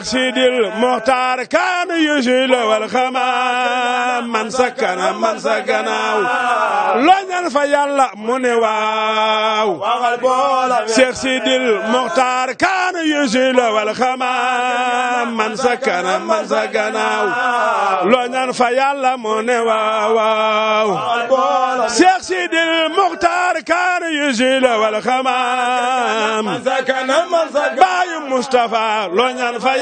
Cheikh Sidil Mokhtar kaanu yusil wal xamaam man sa kanam man sa gannaaw mu ne waaw Cheikh Sidil Mokhtar kaanu yusil wal xamaam man sa kanam man sa gannaaw naan yàlla moo ne waaw waaw Cheikh Sidil ñaan fa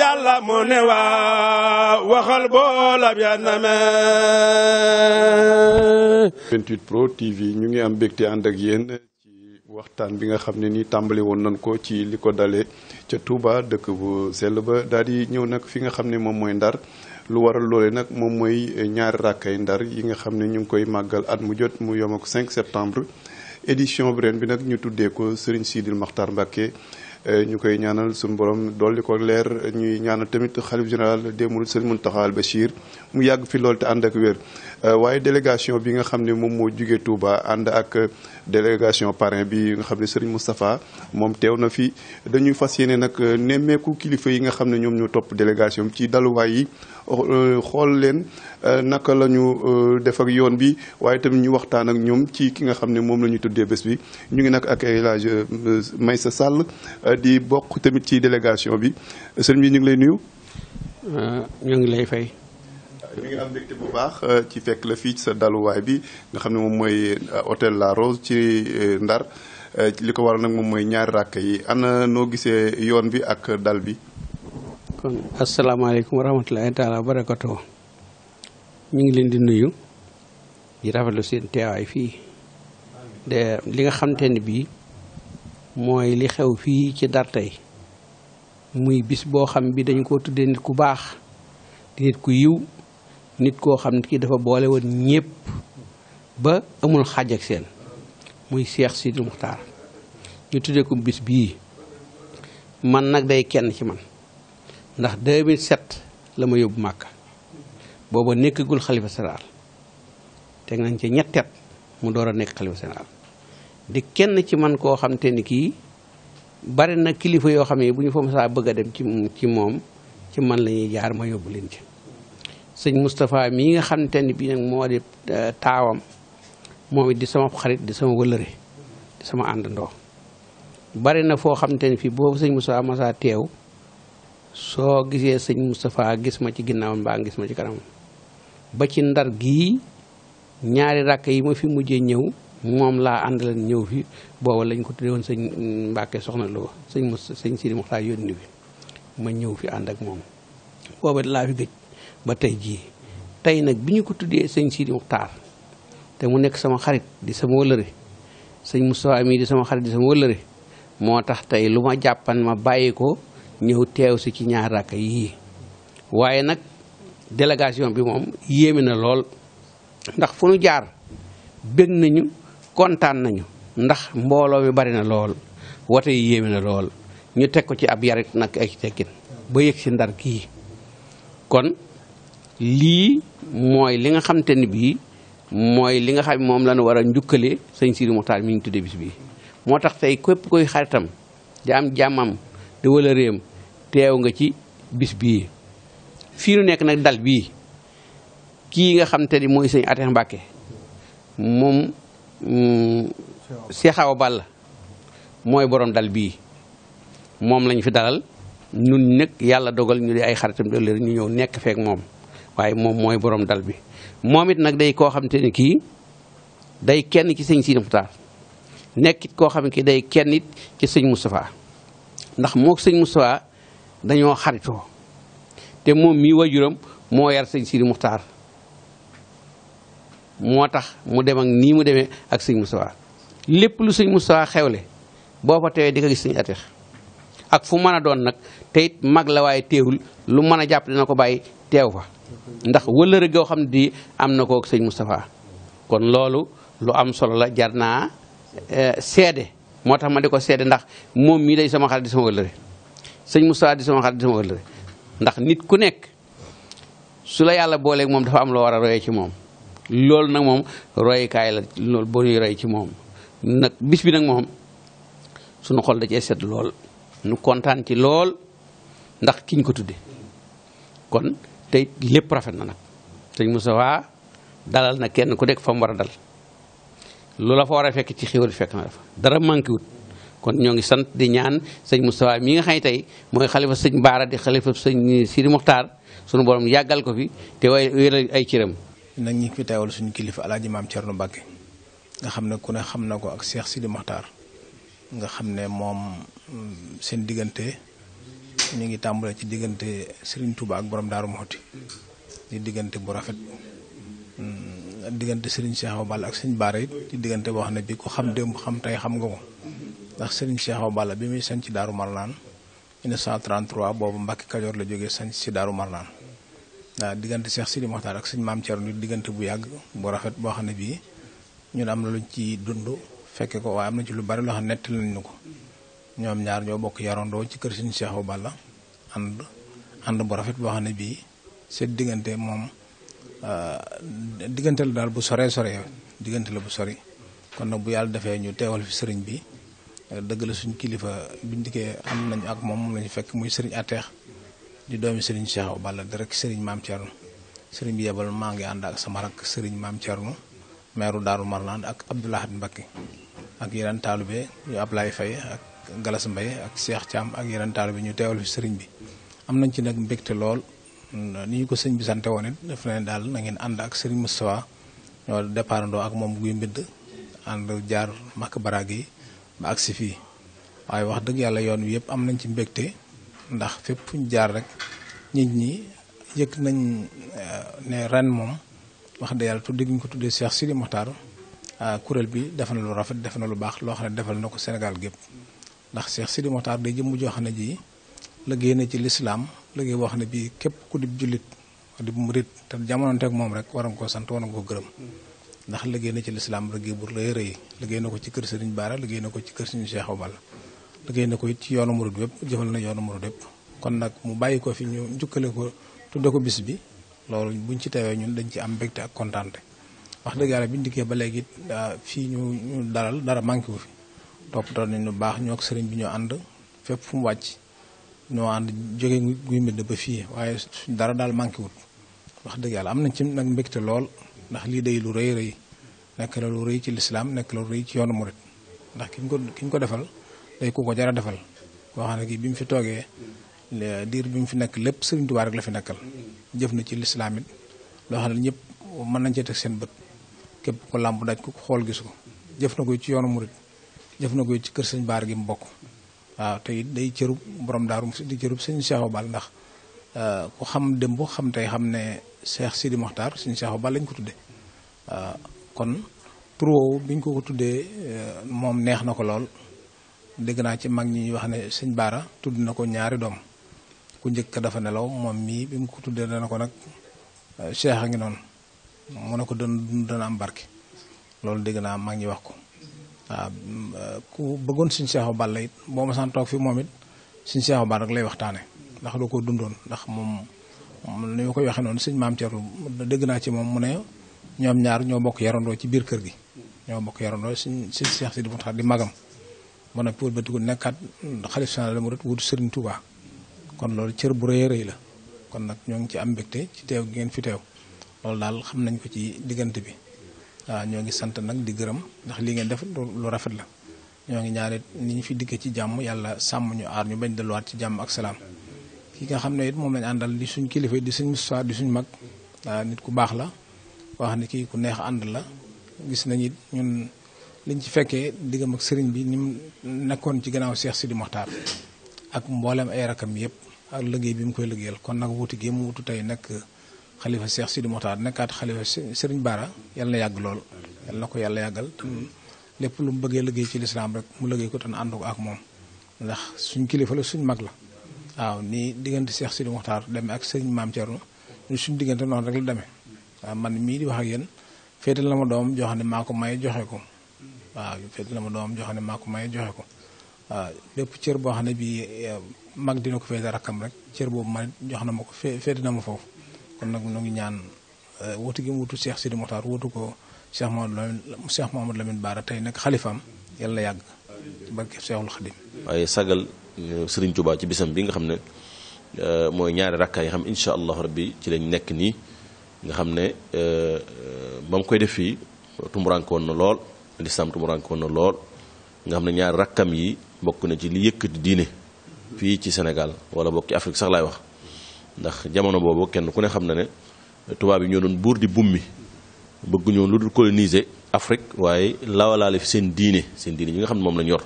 yàlla moo ne waaw waxal boola bi na me 28 Pro TV ñu ngi am mbégte ànd ak waxtaan bi nga xam ne ni tàmbali woon nañ ko ci li ko ca Touba dëkk bu sell ba daal ñëw nak fi nga xam ne moom mooy Ndar lu waral loole nag moom mooy eh, ñaari rakkay ndar yi nga xam ne ñu ngi koy màggal at mu jot mu yom ak septembre édition bi bi nag ñu tuddee ko Serigne Sidil Makhtar Mbacké Euh, ñu koy ñaanal suñu borom dolli ko leer ñuy ñaanal tamit xalif général des seen mun Mountakha Bachir mu yàgg fi lool te ànd ak wér euh, waaye délégation bi nga xam ne moom moo jugee Touba ànd ak délégation parrain bi nga xam ne Serigne Moustapha moom teew na fi dañuy fas yéene nag euh, nemmeeku kilifa yi nga xam ne ñoom ñoo topp délégation bi ci daluwaay yi xool leen naka lañu ñu def ak yoon bi waaye tamit ñu waxtaan ak ñoom ci ki nga xam ne moom la ñu tuddee bés bi ñu ngi nag ak El Hadj Maysa Sall Euh, di bokk tamit ci délégation bi sëriñ bi ñu ngi lay nuyu. Euh, ñu ngi lay fay. Euh, ñu ci fekk la fii ci sa daluwaay bi nga xam ne moom mooy hôtel La Rose ci Ndar li ko war a nag moom mooy ñaari ràkk yi am na noo gisee yoon bi ak dal bi. kon asalaamaaleykum wa rahmatulahi taala wa ñu ngi leen di nuyu di rafetlu seen teewaay fii de li nga xamante ne bii. mooy li xew fii ci Ndar tey muy bis boo xam bi dañu ko tuddee nit ku baax di nit ku yiw nit koo xam ne kii dafa boole woon ñépp ba amul xàjj ak seen muy Cheikh Sidil Muxtaar ñu tuddee ko bis bii man nag day kenn ci man ndax 2007 la ma yóbbu Màkka booba nekkagul xalifa général teg nañ ci ñetteet mu door a nekk xalifa général di kenn ci man koo xam te kii bari na kilifa yoo xam ne bu ñu fa masaa bëgg a dem ci ci moom ci man la ñuy jaar ma yóbbu leen ci sëñ Moustapha mii nga xam te ni bii nag moo di e, taawam moom it di sama xarit di sama wëlëre di sama àndandoo bari na foo xam te fii boobu sëñ Moustapha masaa teew soo gisee sëñ Moustapha gis ma ci ginnaawam mbaa gis ma ci kanamam ba ci ndar gii ñaari rakk yi ma fi mujjee ñëw moom laa àndal ñëw fi booba lañ ko tuddee woon sëñ Mbàkke soxna Lo sëñ mos sëñ Sidi Moxtaar yónni bi ma ñëw fi ànd ak moom booba laa fi gëj ba tey jii tey nag bi ñu ko tuddee sëñ Sidi Moxtaar te mu nekk sama xarit di sama wëllëre sëñ Moustapha mii di sama xarit di sama wëllëre moo tax tey lu ma jàppan ma bàyyi ko ñëw teew si ci ñaar rakk yii waaye nag délégation bi moom yéeme na lool ndax fu nu jaar bëgg nañu kontaan nañu ndax mbooloo mi bari na lool wote yi yéeme na lool ñu teg ko ci ab yar nag ay tekkin ba yëg si ndar kii kon lii mooy li nga xam te ni bii mooy li nga xam moom la ñu war a njukkale sëñ Sidi Moxtaar mi ñu tudde bis bi moo tax tey képp koy xaritam di am jàmmam di wala réem teew nga ci bis bii fii nu nekk nag dal bii kii nga xam te ni mooy sëñ Atex Mbàkke moom Mm, Cheikh Awa Balla mooy borom dal bii moom lañ fi dalal ñun nag yàlla dogal ñu di ay xaritam dëllër ñu ñëw nekk feek moom waaye moom mooy boroom dal bi moom it nag day koo xam ne kii day kenn ci sëñ Sidi Muxtaar nekk it koo xam ne day kenn it ci sëñ Moustapha ndax moo sëñ Moustapha dañoo xaritoo te moom mii wajuram moo yar sëñ Sidi Muxtaar moo tax mu dem nii mu demee ak sëñ Moustapha lépp lu sëñ xew le boo fa teewee di ko gis sëñ Atix ak fu mën a doon nag te it mag la waaye teewul lu mën a jàpp dina ko bàyyi teew fa ndax wëllëre goo xam ne di am na ko sëñ Moustapha kon loolu lu am solo la jar naa eh, seede moo tax ma di ko seede ndax moom mii day sama xarit di sama wëllëre sëñ Moustapha di sama xarit di sama wëllëre ndax nit ku nekk su la yàlla booleeg moom dafa am loo war a royee ci moom loolu nag moom royukaay la loolu boo ñuy roy ci moom nag bis bi nag moom suñu xol da cee set lool nu kontaan ci lool ndax kiñ ko tudde kon tey lépp rafet na nag sëñ Moustapha dalal na kenn ku nekk fa mu war a dal lu la fa war a fekk ci xéwal fekk na dafa dara manqué kon ñoo ngi sant di ñaan sëñ Moustapha mi nga xam ne tey mooy xalifa sëñ Baara di xalifa sëñ Sidi Muxtaar sunu borom yàggal ko fi te way wéral ay cëram nag ñi fi teewal suñu kilifa alaaji maam Thierno Mbacke nga xam ne ku ne xam na ko ak Cheikh Sidi Makhtar nga xam ne moom mm, seen diggante ñu ngi tàmbale ci diggante Serigne Touba ak borom Daaru Muxti di diggante bu rafet mm, diggante Serigne Cheikh Awa Balla ak Serigne Bara it di diggante boo xam ne bi ku xam démb xam tey xam nga ko ndax Serigne Cheikh Awa Balla bi muy sañ ci Daaru Marnaan 1933 boobu Mbacke Kajoor la jógee sañ ci Daaru Marnaan waaw diggante Cheikh si Mokhtar ak suñ maam Thierno diggante bu yàgg bu rafet boo xam ne bii ñun am na luñ ci dund fekke ko waaye am na ci lu bari loo xam ne nettali nañ ñu ko ñoom ñaar ñoo bokk yarandoo ci kër suñu Cheikh Balla ànd ànd bu rafet boo xam ne bii seen diggante moom euh, diggante la daal bu soree soree diggante la bu sori kon nag bu yàlla defee ñu teewal fi sëriñ bi dëgg la suñ kilifa biñ dikkee am nañu ak moom moom lañu fekk muy sëriñ Ateex di doomi sëriñ Cheikh Balla di rek sëriñ maam Thierno sëriñ bi yebal maa ngi ànd ak sama rakk sëriñ maam Thierno meeru Daaru Marnaan ak Abdoul Ahad Mbacké ak yeneen taalibe yu Ablaye Faye ak Galas Mbaye ak Cheikh Thiam ak yeneen taalibe ñu teewal fi sëriñ bi am nañ ci nag mbégte lool ni ñu ko sëñ bi sante woon it def na daal na ngeen ànd ak sëriñ Moustapha ñoo départandoo ak moom guy mbidd ànd jaar makk baraag yi ba agsi fii waaye wax dëgg yàlla yoon wi yëpp am nañ ci mbégte ndax fépp fu ñu jaar rek nit ñi yëg nañ eh, ne ren moom wax dëgg yàlla tudde gi ñu ko tuddee Cheikh Sidi Mokhtar ah, kuréel bi def na lu rafet def na lu baax loo xam ne defal na ko Sénégal gépp ndax Cheikh Sidi Mokhtar day jëmm joo xam ne ji liggéey na ci lislaam liggéey boo xam ne bii képp ku di jullit di murit te jamonoonteeg moom rek war nga koo sant war nga koo gërëm ndax liggéey na ci lislaam liggéey bu rëy rëy liggéey na ko ci kër Serigne Bara liggéey na ko ci kër Serigne Cheikh Obal liggéey na ko it ci yoonu murid yëpp jëfal na yoonu murid yëpp kon nag mu bàyyi ko fi ñu njukkale ko tudde ko bis bi loolu buñ ci teewee ñun dañ ci am mbégte ak kontaante wax dëgg bi biñ dikkee ba léegi it ah, fii ñu ñu dalal dara manqué wu fi toppatoo nañ lu baax ñoo ak sëriñ bi ñoo ànd fépp fu mu wàcc ñoo ànd jóge guy mbind ba fii waaye dara daal manqué wut wax dëgg yàlla am nañ ci nag mbégte lool ndax lii day lu rëy rëy nekk la lu rëy ci lislaam nekk la lu rëy ci yoonu murid ndax ki ko ki ko defal day ku ko jar a defal koo xam ne kii bi mu fi toogee diir bi mu fi nekk lépp Sëriñ Tuubaa rek la fi nekkal jëf na ci lislaam it loo xam ne ñëpp mën nañ cee teg seen bët képp ko làmb daj ko xool gis ko jëf na ko ci yoonu murit jëf na ko ci kër sëñ baar gi mu bokk waaw te it day cërub borom daarum di cërub sëñ Seexu Bal ndax euh, ku xam démb xam tey xam ne Seex Sidi Moxtaar sëñ Seexu Bal lañ ko tuddee euh, kon tur woowu biñ ko ko tuddee euh, moom neex na ko lool dégg naa ci mag ñi wax ne sëñ Baara tudd na ko ñaari doom ku njëkk dafa nelaw moom mii bi mu ko tuddee dana ko nag euh, cheikh a ngi noonu mu ne ko dana dana am loolu dégg naa mag ñi wax ko waaw euh, ku suñ Cheikh Balla it boo ma saan fi moom it suñ Cheikh Balla rek lay waxtaane ndax doo ko dundoon ndax moom ni ma koy waxee noonu suñ maam Thierno dégg naa ci moom mu ne ñoom ñaar ñoo bokk yarandoo ci biir kër gi ñoo bokk yarandoo suñ suñ Cheikh Sidi Moutakha di magam ba noppi wëlbatiku nekkaat xalif général des mourides wut Serigne Touba kon loolu cër bu rëy rëy la kon nag ñoo ngi ci am mbégte ci teew gi ngeen fi teew loolu daal xam nañ ko ci diggante bi waaw ñoo ngi sant nag di gërëm ndax li ngeen def lu rafet la ñoo ngi ñaare ni ñu fi dikkee ci jàmm yàlla sàmm ñu aar ñu bañ delluwaat ci jàmm ak salaam ki nga xam ne it moom lañ àndal di suñ kilifa di suñ mustaar di suñ mag nit ku baax la wax ni kii ku neex ànd la gis nañ it ñun. liñ ci fekkee diggam ak sëriñ bi ni mu nekkoon ci gannaaw si di Mokhtar ak mboolem ay rakam yëpp ak liggéey bi mu koy liggéeyal kon nag wuuti gi mu wutu tey nekk xalifa Cheikh Sidi Mokhtar nekkaat xalifa sëriñ Baara yàlla na lool yàlla ko yàlla yàggal lu mu bëggee liggéey ci lislaam rek mu liggéey ko te ànd ko ak moom ndax suñ kilifa la suñ mag la waaw nii diggante Cheikh Sidi Mokhtar demee ak sëriñ Maam Thierno ñu suñ diggante noonu rek man mii di wax ak yéen féetal na ma doom joo xam ne maa ko may joxe ko waaw fekk na ma doomam joo xam ne maa ko joxe ko waaw bépp cër boo xam ne bii eh, mag dina ko féete rakkam rek cër boobu man jox na ma ko féete na ma foofu kon nag ñu ngi ñaan eh, wutu gi mu wutu Cheikh Sidi Mokhtar wutu ko Cheikh mu Lamine Cheikh Mamadou Lamine Bara tey nag xalifaam yàlla yàgg barke Cheikhul Khadim waaye sagal eh, Serigne Touba ci bisam bi nga xam ne mooy ñaari rakkaa yi xam incha allahu rabbi ci lañ nekk nii nga xam ne ba mu koy def fii tumurànkoon na lool lislaam tumuraankoon na lool nga xam ne ñaar rakkam yi bokk na ci li yëkkati diine fii ci Sénégal wala bokk ci Afrique sax laay wax ndax jamono boobu kenn ku ne xam na ne tubaab yi ñoo doon buur di bummi bëgg ñoo lu dul coloniser Afrique waaye lawalaale fi seen diine seen diine ñi nga xam ne moom lañ yor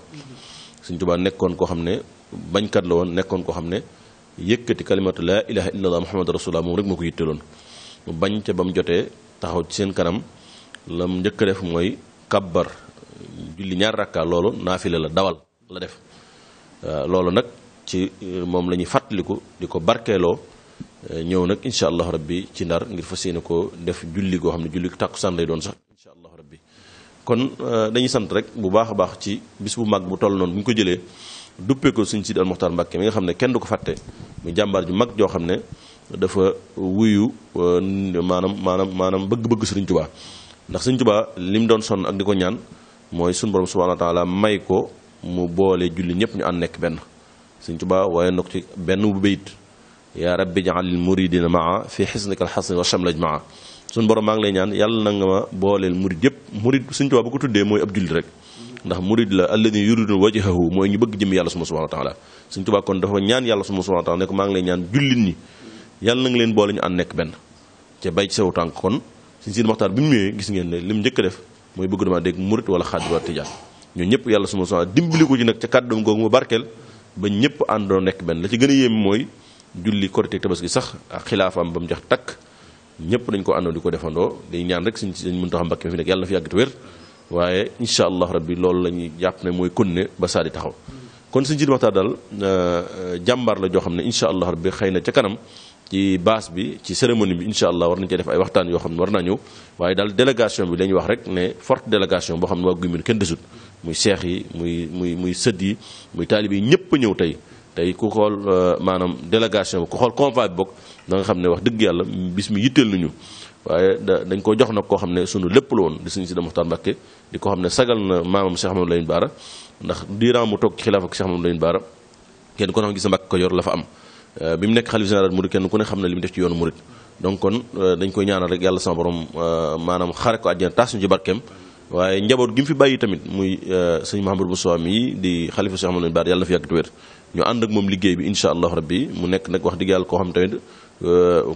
suñ tubaab nekkoon koo xam ne bañkat la woon nekkoon koo xam ne yëkkati kalimatu laa ilaha illallah muhammadu rasulullah moom rek moo ko yitteloon mu bañ ca ba mu jotee taxaw ci seen kanam la njëkk a def mooy kabbar julli ñaar rakka loolu naafile la dawal la def euh, loolu nag ci euh, moom la ñuy fàttaliku di ko barkeeloo euh, ñëw nag incha allah rabbi ci ndar ngir fas yéene ko def julli goo xam ne julli tàkkusaan lay doon sax incha allah rabbi kon dañuy sant rek bu baax a baax ci bis bu mag bu toll noonu bu ñu ko jëlee duppee ko suñ Sidi al Muxtaar Mbàkke mi nga xam ne kenn du ko fàtte mu jàmbaar ju mag joo xam ne dafa wuyu maanaam maanaam maanaam bëgg-bëgg Sëriñ Tuubaa ndax sëñ Tuubaa li mu doon sonn ak di ko ñaan mooy sunu borom subhaanahu wa taala may ko mu boole julli ñëpp ñu ànd nekk benn sëñ Tuubaa waaye na ko ci benn bu bayit yaa rabbi jaalil muridina maa fi xisnika alxasan wa shamlaj maa sunu borom maa ngi lay ñaan yàlla na nga ma booleel murid yëpp murid sëñ Tuubaa bu ko tuddee mooy ab julli ndax murid la alladi yuridu wajhahu mooy ñu bëgg jëm yàlla suma subhaanahu wa taala sëñ Tuubaa kon dafa ñaan yàlla suma subhaanahu wa taala ne maa ngi lay ñaan jullit ñi yàlla na nga leen boole ñu ànd nekk benn ca bay ci sew tànk kon Sëñ Sidi Moxtaar bi mu ñëwee gis ngeen ne lim njëkk a def mooy bëgg dama dégg murit wala xaadir wala tijaan ñoo ñëpp yàlla suma soxna dimbali ko ci nag ca kàddoom googu mu barkeel ba ñëpp àndoon nekk benn la ci gën a yéem mooy julli korite tabaski sax ak xilaafaam ba mu jax takk ñëpp dañ ko àndoo di ko defandoo day ñaan rek suñ dañ mën taxam mbàkke fi nekk yàlla na fi yàgg te wér waaye incha allah rabbi loolu la ñuy jàpp ne mooy kunne ba saa di taxaw kon s ci waxtaan daal euh, jàmbaar la joo xam ne incha allah rabbi xëy na ca kanam ci base bi ci cérémonie bi incha allah war nañu cee def ay waxtaan yoo xam ne war naa ñëw waaye daal délégation bi la ñu wax rek ne forte délégation boo xam ne waa Guy Mbind kenn desut muy seex yi muy muy muy yi muy taalib yi ñëpp a ñëw tey tey ku xool euh, maanaam délégation bi ku xool convoi bi bokk da nga xam ne wax dëgg yàlla bis mi yitteel ñu waaye da dañ ko jox nag koo xam ne sunu lépp la woon di suñu si da Muxtaar Mbàkke di ko xam ne sagal na maamam Cheikh Amadou Lamine Bara ndax diiran mu toog ci xilaaf ak Cheikh Amadou Lamine Bara kenn ko na gis a Mbàkke ko yor la fa am Euh, bi mu nekk xalif général murid kenn ku ne xam na li mu def ci yoonu murid donc kon euh, dañ koy ñaanal rek yàlla sama borom euh, maanaam xare ko àjjana taas ñu ci barkeem waaye njaboot gi mu fi bàyyi tamit muy sëñ Mahamadou Bousso mi di xalifa Cheikh Amadou Baar yàlla fi yàgg wér ñu ànd ak moom liggéey bi incha allah rabbi mu nekk nag wax dëgg yàlla koo xam tamit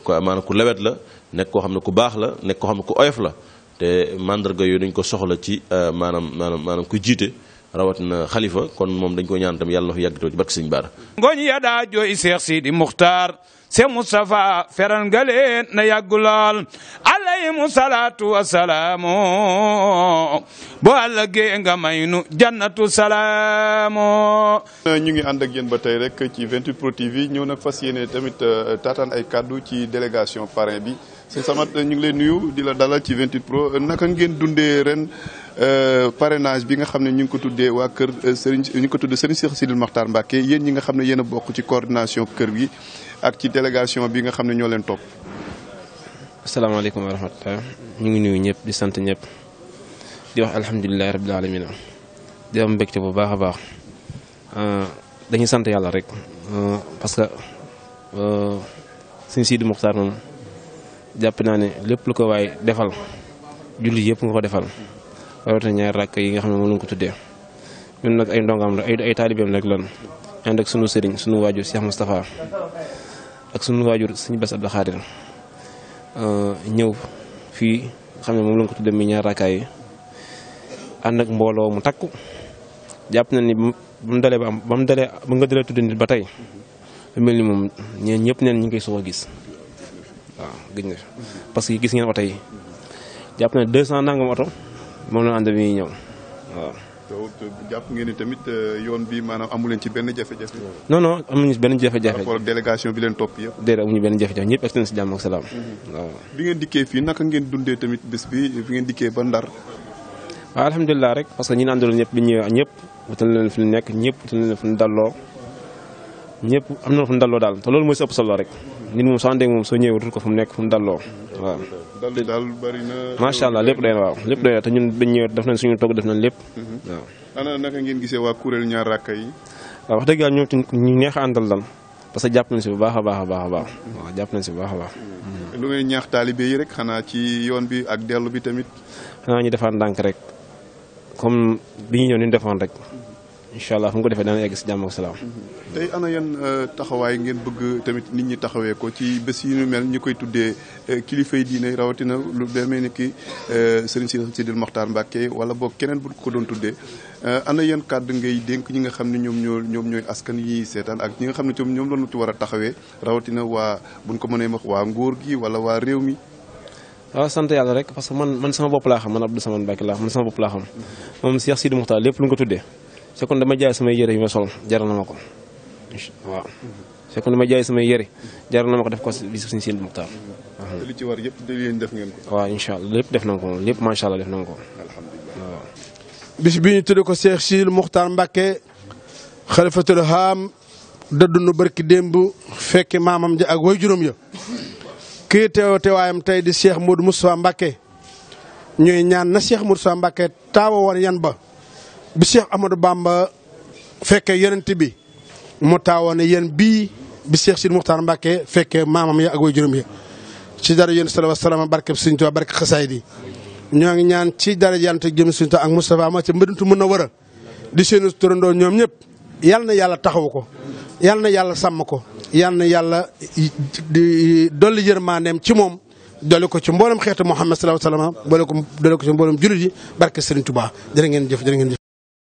ku amaana ku lawet la nekk koo xam ne ku baax la nekk xam ne ku oyof la te mandarga yooyu dañ ko soxla ci maanaam maanaam maanaam ku jiite rawat na xalifa kon moom dañ ko ñaan tam yàlla na fi yàggatoo ci barke ngooñ ya daa jooy Seex Sidi Muxtaar se Mustafa feral nga leen na yàggu lool alayhimu salaatu wasalaamu boo àllëgee nga may nu jannatu ñu ngi ànd ak yéen ba tey rek ci 28 Pro TV ñëw nag fas yéene tamit euh, taataan ay kàddu ci délégation parrain bi sëñ Samat ñu ngi lay nuyu di la dalal ci 28 Pro naka ngeen dundee ren Euh, parrainage bi nga xam ne ñu ngi ko tuddee waa kër euh, Serigne ñu ngi ko tuddee Serigne Cheikh Sidil Makhtar Mbacke yéen nga xam ne yéen a bokk ci coordination kër gi ak ci délégation bi xam ne ñoo leen topp. asalaamaaleykum wa ngi nuyu ñëpp di sant ñëpp di wax alhamdulilah rabil aalamiina di mbégte bu baax a baax euh, dañuy sant yàlla rek que Serigne Sidi Mokhtar moom jàpp naa ne lépp lu ko waaye defal jullit yëpp nga ko defal. rawatina ñaari rakk yi nga xam ne moom lañ ko tuddee ñun nag ay ndongaam la ay ay taalibeem rek lan ànd ak sunu sëriñ sunu waajur Cheikh Moustapha ak sunu waajur suñu Bass Abdou Khadir euh, ñëw fii xam ne moom lañ ko tuddee mi ñaari rakkaay yi ànd ak mbooloo mu takku jàpp na ni ba mu dalee ba am ba mu dalee ba nga dalee tudd nit ba tey lu mel ni moom ñeen ñëpp neen ñu ngi koy soog a gis waaw gis nga parce que gis ngeen oto yi jàpp oto. moom la ñu ànd bi ñëw waaw. jàpp ngeen ni tamit euh, yoon bi maanaam amu leen ci benn jafe-jafe. non non amuñu benn jafe-jafe. bi leen topp yëpp. déedéet amuñu benn jafe-jafe ñëpp egg nañu si jàmm ak salaam. Mhm. waaw bi ngeen dikkee fii naka ngeen dundee tamit bés bi bi ngeen dikkee ba Ndar. waaw alhamdulilah rek parce que ñi ñu àndaloon ñëpp bi ñëwee ñëpp wutal leen fi ñu nekk ñëpp wutal fu fi ñu dalloo ñëpp am na fu ñu daloo daal te loolu mooy si ëpp solo rek. nit moom soo àndeeg moom soo ñëwee ko fu mu nekk fu mu dalloo waaw. dal li daal bëri allah lépp doy waaw lépp doy na te ñun dañ ñëw def nañ suñu togg def nañ lépp. Mhm. waaw ana naka ngeen gisee waa kuréel ñaar rakka yi. wax dëgg yàlla ñoom ñu neex a daal parce que jàpp nañ si bu baax a baax a baax baax waaw jàpp nañ si bu baax a baax. lu ngay ñaax taalibe yi rek xanaa ci yoon bi ak dellu bi tamit. xanaa ñu defaan ndànk rek comme bi ñu ñëw ni defoon rek incha allah fu mu ko defee dana egg si jàmm ak salaam. tey ana yan euh, taxawaay ngeen bëgg tamit nit ñi taxawee ko ci bés yi ñu mel ñi koy tuddee euh, kilifay diine rawatina lu demee ni ki euh, sëriñ Sidil Mokhtar Mbacke wala boog keneen bu ko doon tuddee ana yan kàddu ngay dénk ñi nga xam ne ñoom ñoo ñoom ñooy askan yi seetaan ak ñi nga xam ne ñoom ñoom lañu ci war a taxawee rawatina waa buñ ko mënee wax waa nguur gi wala waa réew mi. waaw sant yàlla rek parce que man man sama bopp laa xam man Abdou Samane Mbacke laa man sama lépp lu nga ko tuddee c'est kon dama jaay samay yére yu ma sol jar na ma jaay samay yére jar na ma ko def ko bis suñu seen muxtaar li ci war def ngeen ko waaw lépp def nañ ko moom lépp macha allah def nañ bi ñu ko Cheikh Siil Muxtaar Mbàkke xalifatul haam dëddu nu barki démb fekki maamam ja ak waajuram ya kii teew teewaayam tey di Cheikh Modou Moustapha Mbàkke ñuy ñaan na Cheikh Moustapha Mbàkke taawa woon yan ba bi Cheikh Ahmadou Bamba fekkee yonent bi mu taawoon yéen bii bi Cheikh Sidi Muxtaar Mbàkke fekkee maamam ya ak way juróom ya ci dara yéen salaam salaam barkeb Sëriñ Tuubaa barke xasaayid yi ñoo ngi ñaan ci dara yant jëm Sëriñ Tuubaa ak Moustapha ma ca mën a war a di seenu turandoo ñoom ñëpp yal na yàlla taxaw ko yal na yàlla sàmm ko yal na yàlla di dolli yërmandeem ci moom dolli ko ci mboolem xeetu Muhammad sallallahu alayhi wa sallam boole ko dolli ko ci mboolem jullit yi barke Sëriñ Tuubaa jërë ngeen jëf jërë ngeen jëf